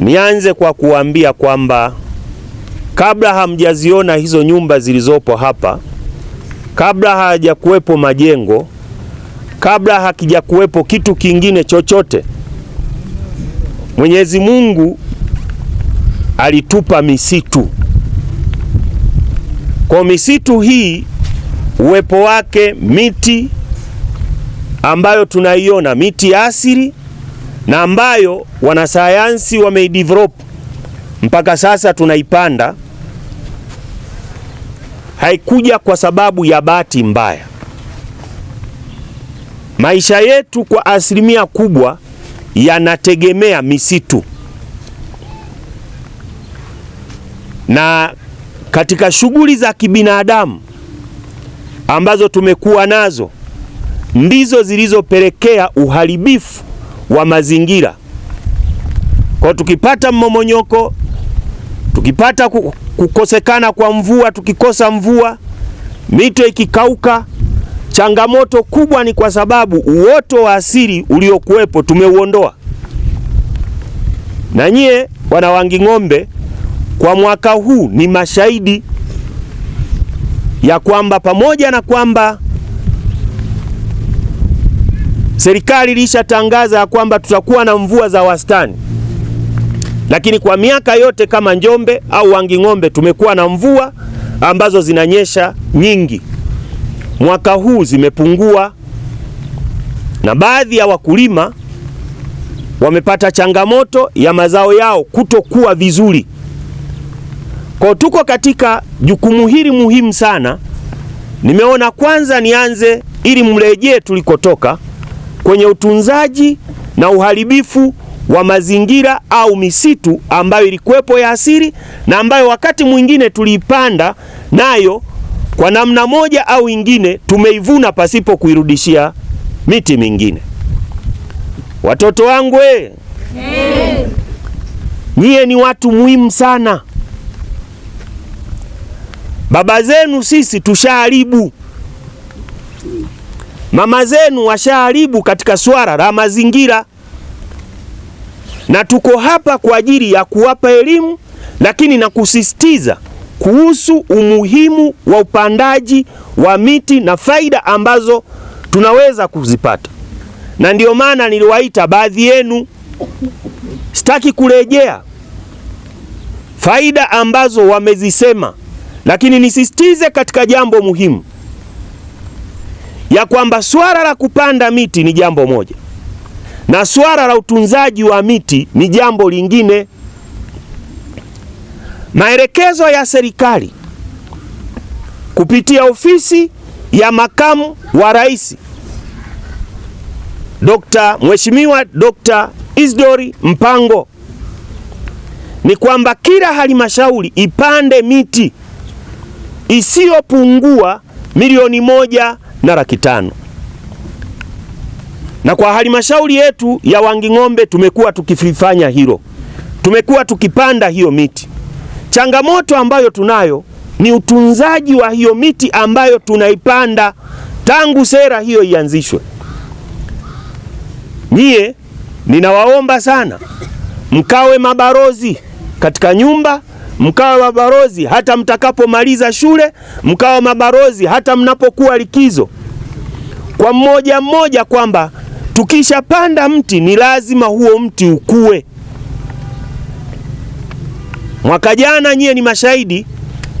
nianze kwa kuambia kwamba kabla hamjaziona hizo nyumba zilizopo hapa, kabla hajakuwepo majengo, kabla hakijakuwepo kitu kingine chochote, Mwenyezi Mungu alitupa misitu. Kwa misitu hii, uwepo wake miti ambayo tunaiona, miti asili na ambayo wanasayansi wameidevelop mpaka sasa tunaipanda. Haikuja kwa sababu ya bahati mbaya. Maisha yetu kwa asilimia kubwa yanategemea misitu, na katika shughuli za kibinadamu ambazo tumekuwa nazo ndizo zilizopelekea uharibifu wa mazingira. Kwa tukipata mmomonyoko, tukipata kukosekana kwa mvua, tukikosa mvua, mito ikikauka, changamoto kubwa ni kwa sababu uoto wa asili uliokuwepo tumeuondoa. Na nyie ng'ombe kwa mwaka huu ni mashahidi ya kwamba pamoja na kwamba Serikali ilishatangaza ya kwamba tutakuwa na mvua za wastani, lakini kwa miaka yote kama Njombe au Wanging'ombe tumekuwa na mvua ambazo zinanyesha nyingi. Mwaka huu zimepungua, na baadhi ya wakulima wamepata changamoto ya mazao yao kutokuwa vizuri. Kwa tuko katika jukumu hili muhimu sana, nimeona kwanza nianze ili mrejee tulikotoka kwenye utunzaji na uharibifu wa mazingira au misitu ambayo ilikuwepo ya asili na ambayo wakati mwingine tuliipanda nayo kwa namna moja au ingine tumeivuna pasipo kuirudishia miti mingine. Watoto wangu we, nyie ni watu muhimu sana. Baba zenu sisi tushaharibu mama zenu washaharibu katika swala la mazingira, na tuko hapa kwa ajili ya kuwapa elimu, lakini na kusisitiza kuhusu umuhimu wa upandaji wa miti na faida ambazo tunaweza kuzipata, na ndio maana niliwaita baadhi yenu. Sitaki kurejea faida ambazo wamezisema, lakini nisisitize katika jambo muhimu ya kwamba swala la kupanda miti ni jambo moja na swala la utunzaji wa miti ni jambo lingine. Maelekezo ya serikali kupitia ofisi ya makamu wa rais Dr. Mheshimiwa Dr. Isidori Mpango ni kwamba kila halmashauri ipande miti isiyopungua milioni moja na laki tano na kwa halmashauri yetu ya Wanging'ombe tumekuwa tukifanya hilo, tumekuwa tukipanda hiyo miti. Changamoto ambayo tunayo ni utunzaji wa hiyo miti ambayo tunaipanda tangu sera hiyo ianzishwe. Nyie ninawaomba sana mkawe mabalozi katika nyumba mkawa mabalozi hata mtakapomaliza shule, mkawa mabalozi hata mnapokuwa likizo, kwa mmoja mmoja, kwamba tukishapanda mti ni lazima huo mti ukue. Mwaka jana nyie ni mashahidi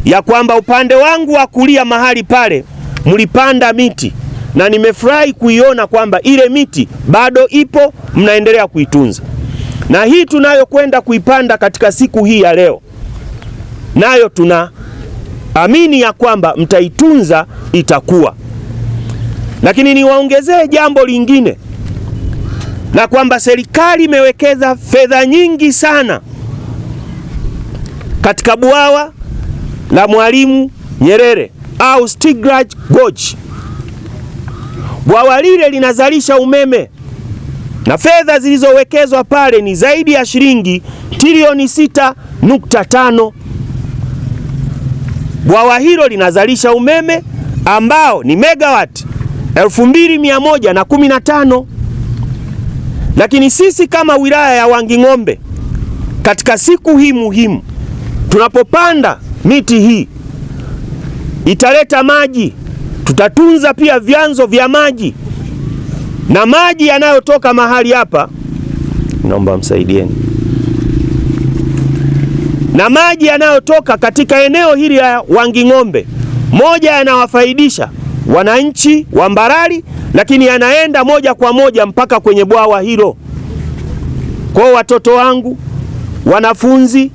ya kwamba upande wangu wa kulia mahali pale mlipanda miti na nimefurahi kuiona kwamba ile miti bado ipo, mnaendelea kuitunza, na hii tunayokwenda kuipanda katika siku hii ya leo nayo tuna amini ya kwamba mtaitunza itakuwa. Lakini niwaongezee jambo lingine la kwamba serikali imewekeza fedha nyingi sana katika bwawa la Mwalimu Nyerere au Stigraj Gorge. Bwawa lile linazalisha umeme na fedha zilizowekezwa pale ni zaidi ya shilingi trilioni 6.5 bwawa hilo linazalisha umeme ambao ni megawati 2115 lakini sisi kama wilaya ya Wanging'ombe katika siku hii muhimu tunapopanda miti hii italeta maji. Tutatunza pia vyanzo vya maji na maji yanayotoka mahali hapa, naomba msaidieni na maji yanayotoka katika eneo hili la Wanging'ombe, moja yanawafaidisha wananchi wa Mbarali, lakini yanaenda moja kwa moja mpaka kwenye bwawa hilo. Kwa watoto wangu, wanafunzi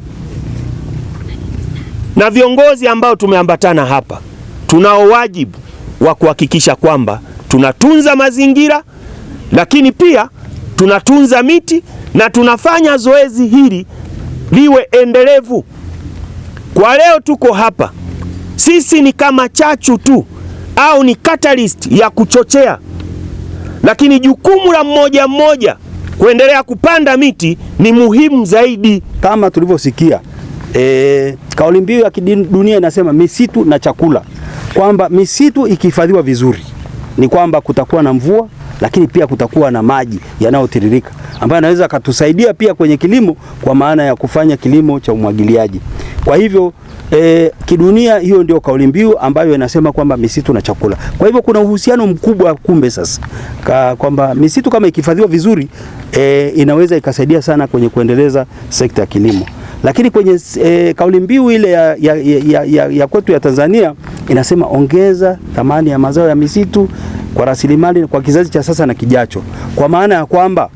na viongozi ambao tumeambatana hapa, tunao wajibu wa kuhakikisha kwamba tunatunza mazingira, lakini pia tunatunza miti na tunafanya zoezi hili liwe endelevu. Kwa leo tuko hapa, sisi ni kama chachu tu au ni catalyst ya kuchochea, lakini jukumu la mmoja mmoja kuendelea kupanda miti ni muhimu zaidi. Kama tulivyosikia e, kauli mbiu ya kidunia inasema misitu na chakula, kwamba misitu ikihifadhiwa vizuri ni kwamba kutakuwa na mvua, lakini pia kutakuwa na maji yanayotiririka ambayo anaweza katusaidia pia kwenye kilimo kwa maana ya kufanya kilimo cha umwagiliaji. Kwa hivyo E, kidunia hiyo ndio kauli mbiu ambayo inasema kwamba misitu na chakula. Kwa hivyo kuna uhusiano mkubwa kumbe sasa ka, kwamba misitu kama ikihifadhiwa vizuri e, inaweza ikasaidia sana kwenye kuendeleza sekta ya kilimo, lakini kwenye e, kauli mbiu ile ya, ya, ya, ya, ya kwetu ya Tanzania inasema ongeza thamani ya mazao ya misitu kwa rasilimali kwa kizazi cha sasa na kijacho, kwa maana ya kwamba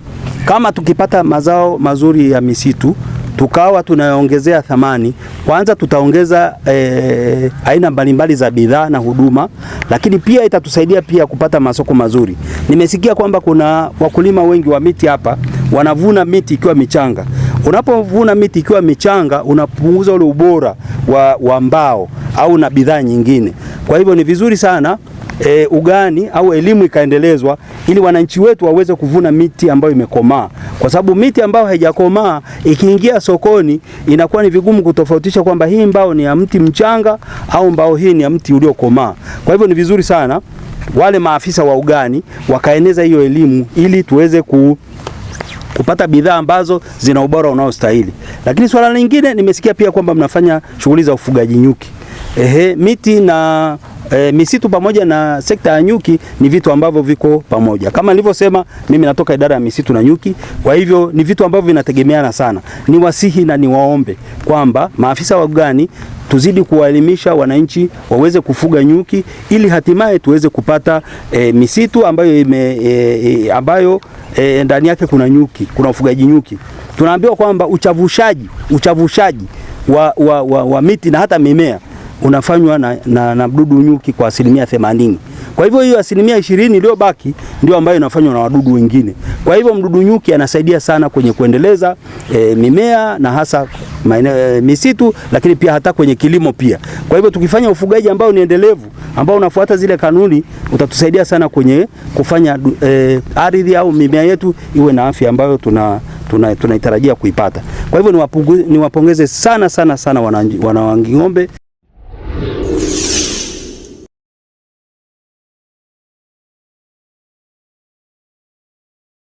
kama tukipata mazao mazuri ya misitu tukawa tunaongezea thamani, kwanza tutaongeza e, aina mbalimbali za bidhaa na huduma, lakini pia itatusaidia pia kupata masoko mazuri. Nimesikia kwamba kuna wakulima wengi wa miti hapa wanavuna miti ikiwa michanga. Unapovuna miti ikiwa michanga, unapunguza ule ubora wa, wa mbao au na bidhaa nyingine. Kwa hivyo ni vizuri sana e, ugani au elimu ikaendelezwa ili wananchi wetu waweze kuvuna miti ambayo imekomaa, kwa sababu miti ambayo haijakomaa ikiingia sokoni inakuwa ni vigumu kutofautisha kwamba hii mbao ni ya mti mchanga au mbao hii ni ya mti uliokomaa. Kwa hivyo ni vizuri sana wale maafisa wa ugani wakaeneza hiyo elimu ili tuweze ku kupata bidhaa ambazo zina ubora unaostahili. Lakini swala lingine nimesikia pia kwamba mnafanya shughuli za ufugaji nyuki ehe, miti na E, misitu pamoja na sekta ya nyuki ni vitu ambavyo viko pamoja. Kama nilivyosema, mimi natoka idara ya misitu na nyuki, kwa hivyo ni vitu ambavyo vinategemeana sana. Ni wasihi na niwaombe kwamba maafisa wa gani tuzidi kuwaelimisha wananchi waweze kufuga nyuki ili hatimaye tuweze kupata e, misitu ambayo ime, e, e, ambayo e, ndani yake kuna nyuki, kuna ufugaji nyuki. Tunaambiwa kwamba uchavushaji uchavushaji wa, wa, wa, wa miti na hata mimea unafanywa na, na, na mdudu nyuki kwa asilimia themanini. Kwa hivyo hiyo asilimia ishirini iliyobaki ndio ambayo inafanywa na wadudu wengine. Kwa hivyo mdudu nyuki anasaidia sana kwenye kuendeleza e, mimea na hasa maeneo eh, misitu, lakini pia hata kwenye kilimo pia. Kwa hivyo tukifanya ufugaji ambao ni endelevu, ambao unafuata zile kanuni, utatusaidia sana kwenye kufanya e, ardhi au mimea yetu iwe na afya ambayo tuna tunaitarajia tuna kuipata. Kwa hivyo niwapongeze sana sana sana wana, wana Wanging'ombe.